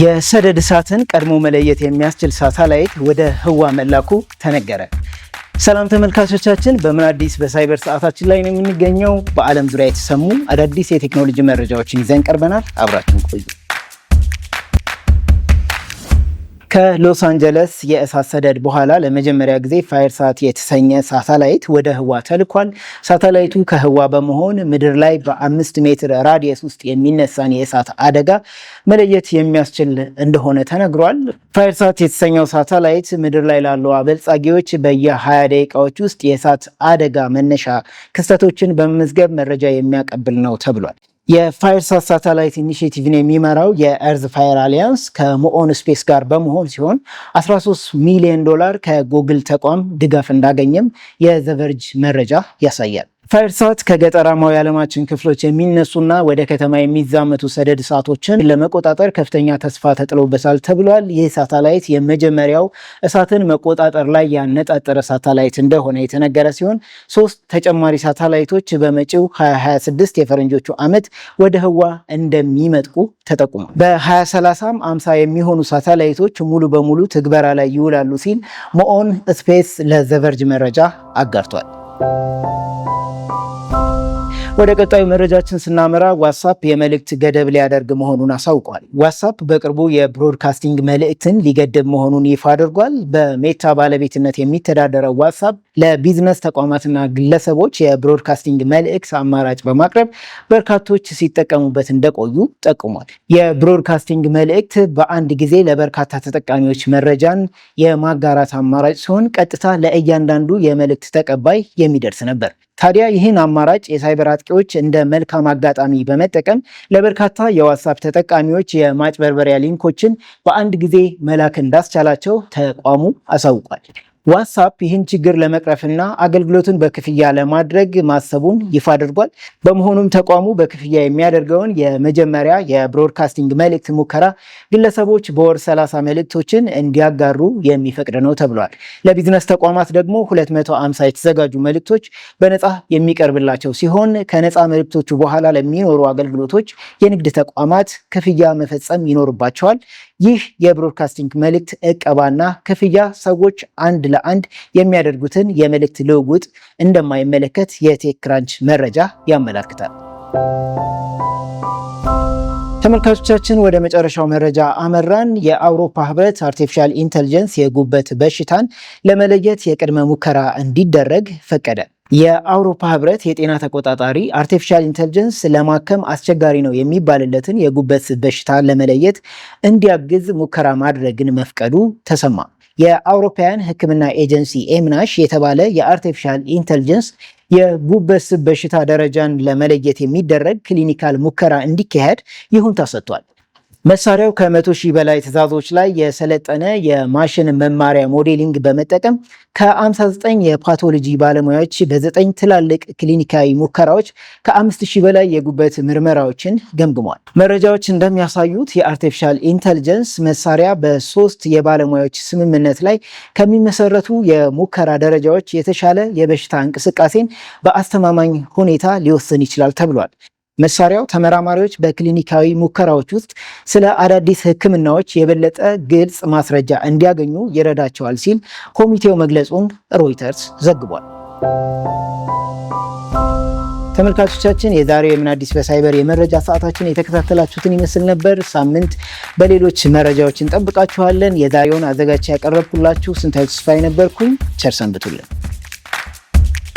የሰደድ እሳትን ቀድሞ መለየት የሚያስችል ሳተላይት ወደ ህዋ መላኩ ተነገረ። ሰላም ተመልካቾቻችን፣ በምን አዲስ በሳይበር ሰዓታችን ላይ ነው የምንገኘው። በዓለም ዙሪያ የተሰሙ አዳዲስ የቴክኖሎጂ መረጃዎችን ይዘን ቀርበናል። አብራችን ቆዩ። ከሎስ አንጀለስ የእሳት ሰደድ በኋላ ለመጀመሪያ ጊዜ ፋየርሳት የተሰኘ ሳተላይት ወደ ህዋ ተልኳል። ሳተላይቱ ከህዋ በመሆን ምድር ላይ በአምስት ሜትር ራዲየስ ውስጥ የሚነሳን የእሳት አደጋ መለየት የሚያስችል እንደሆነ ተነግሯል። ሳት የተሰኘው ሳተላይት ምድር ላይ ላሉ አበልጻጊዎች በየ20 ደቂቃዎች ውስጥ የእሳት አደጋ መነሻ ክስተቶችን በመመዝገብ መረጃ የሚያቀብል ነው ተብሏል። የፋየርሳት ሳተላይት ኢኒሽቲቭን የሚመራው የእርዝ ፋየር አሊያንስ ከሞኦን ስፔስ ጋር በመሆን ሲሆን 13 ሚሊዮን ዶላር ከጉግል ተቋም ድጋፍ እንዳገኘም የዘቨርጅ መረጃ ያሳያል። ፈርሳት ከገጠራማው የዓለማችን ክፍሎች የሚነሱና ወደ ከተማ የሚዛመቱ ሰደድ እሳቶችን ለመቆጣጠር ከፍተኛ ተስፋ ተጥሎበታል ተብሏል። ይህ ሳተላይት የመጀመሪያው እሳትን መቆጣጠር ላይ ያነጣጠረ ሳተላይት እንደሆነ የተነገረ ሲሆን ሶስት ተጨማሪ ሳተላይቶች በመጪው 2026 የፈረንጆቹ ዓመት ወደ ህዋ እንደሚመጥቁ ተጠቁሟል። በ2030 50 የሚሆኑ ሳተላይቶች ሙሉ በሙሉ ትግበራ ላይ ይውላሉ ሲል መኦን ስፔስ ለዘቨርጅ መረጃ አጋርቷል። ወደ ቀጣዩ መረጃችን ስናመራ ዋትሳፕ የመልእክት ገደብ ሊያደርግ መሆኑን አሳውቋል። ዋትሳፕ በቅርቡ የብሮድካስቲንግ መልእክትን ሊገድብ መሆኑን ይፋ አድርጓል። በሜታ ባለቤትነት የሚተዳደረው ዋትሳፕ ለቢዝነስ ተቋማትና ግለሰቦች የብሮድካስቲንግ መልእክት አማራጭ በማቅረብ በርካቶች ሲጠቀሙበት እንደቆዩ ጠቁሟል። የብሮድካስቲንግ መልእክት በአንድ ጊዜ ለበርካታ ተጠቃሚዎች መረጃን የማጋራት አማራጭ ሲሆን ቀጥታ ለእያንዳንዱ የመልእክት ተቀባይ የሚደርስ ነበር። ታዲያ ይህን አማራጭ የሳይበር አጥቂዎች እንደ መልካም አጋጣሚ በመጠቀም ለበርካታ የዋትሳፕ ተጠቃሚዎች የማጭበርበሪያ ሊንኮችን በአንድ ጊዜ መላክ እንዳስቻላቸው ተቋሙ አሳውቋል። ዋትሳፕ ይህን ችግር ለመቅረፍና አገልግሎትን በክፍያ ለማድረግ ማሰቡን ይፋ አድርጓል። በመሆኑም ተቋሙ በክፍያ የሚያደርገውን የመጀመሪያ የብሮድካስቲንግ መልእክት ሙከራ ግለሰቦች በወር 30 መልእክቶችን እንዲያጋሩ የሚፈቅድ ነው ተብሏል። ለቢዝነስ ተቋማት ደግሞ 250 የተዘጋጁ መልእክቶች በነፃ የሚቀርብላቸው ሲሆን ከነፃ መልእክቶቹ በኋላ ለሚኖሩ አገልግሎቶች የንግድ ተቋማት ክፍያ መፈጸም ይኖርባቸዋል። ይህ የብሮድካስቲንግ መልእክት እቀባና ክፍያ ሰዎች አንድ ለአንድ የሚያደርጉትን የመልእክት ልውውጥ እንደማይመለከት የቴክ ክራንች መረጃ ያመላክታል። ተመልካቾቻችን ወደ መጨረሻው መረጃ አመራን። የአውሮፓ ህብረት አርቲፊሻል ኢንተልጀንስ የጉበት በሽታን ለመለየት የቅድመ ሙከራ እንዲደረግ ፈቀደ። የአውሮፓ ህብረት የጤና ተቆጣጣሪ አርቲፊሻል ኢንተልጀንስ ለማከም አስቸጋሪ ነው የሚባልለትን የጉበት በሽታ ለመለየት እንዲያግዝ ሙከራ ማድረግን መፍቀዱ ተሰማ። የአውሮፓውያን ሕክምና ኤጀንሲ ኤምናሽ የተባለ የአርቲፊሻል ኢንተልጀንስ የጉበት ስብ በሽታ ደረጃን ለመለየት የሚደረግ ክሊኒካል ሙከራ እንዲካሄድ ይሁንታ ሰጥቷል። መሳሪያው ከመቶ ሺህ በላይ ትዕዛዞች ላይ የሰለጠነ የማሽን መማሪያ ሞዴሊንግ በመጠቀም ከ59 የፓቶሎጂ ባለሙያዎች በዘጠኝ ትላልቅ ክሊኒካዊ ሙከራዎች ከ ሺህ በላይ የጉበት ምርመራዎችን ገምግሟል። መረጃዎች እንደሚያሳዩት የአርቲፊሻል ኢንተልጀንስ መሳሪያ በሶስት የባለሙያዎች ስምምነት ላይ ከሚመሰረቱ የሙከራ ደረጃዎች የተሻለ የበሽታ እንቅስቃሴን በአስተማማኝ ሁኔታ ሊወስን ይችላል ተብሏል። መሳሪያው ተመራማሪዎች በክሊኒካዊ ሙከራዎች ውስጥ ስለ አዳዲስ ሕክምናዎች የበለጠ ግልጽ ማስረጃ እንዲያገኙ ይረዳቸዋል ሲል ኮሚቴው መግለጹን ሮይተርስ ዘግቧል። ተመልካቾቻችን የዛሬው የምን አዲስ በሳይበር የመረጃ ሰዓታችን የተከታተላችሁትን ይመስል ነበር። ሳምንት በሌሎች መረጃዎች እንጠብቃችኋለን። የዛሬውን አዘጋጅ ያቀረብኩላችሁ ስንታዩ ተስፋዬ ነበርኩኝ። ቸር ሰንብቱልን።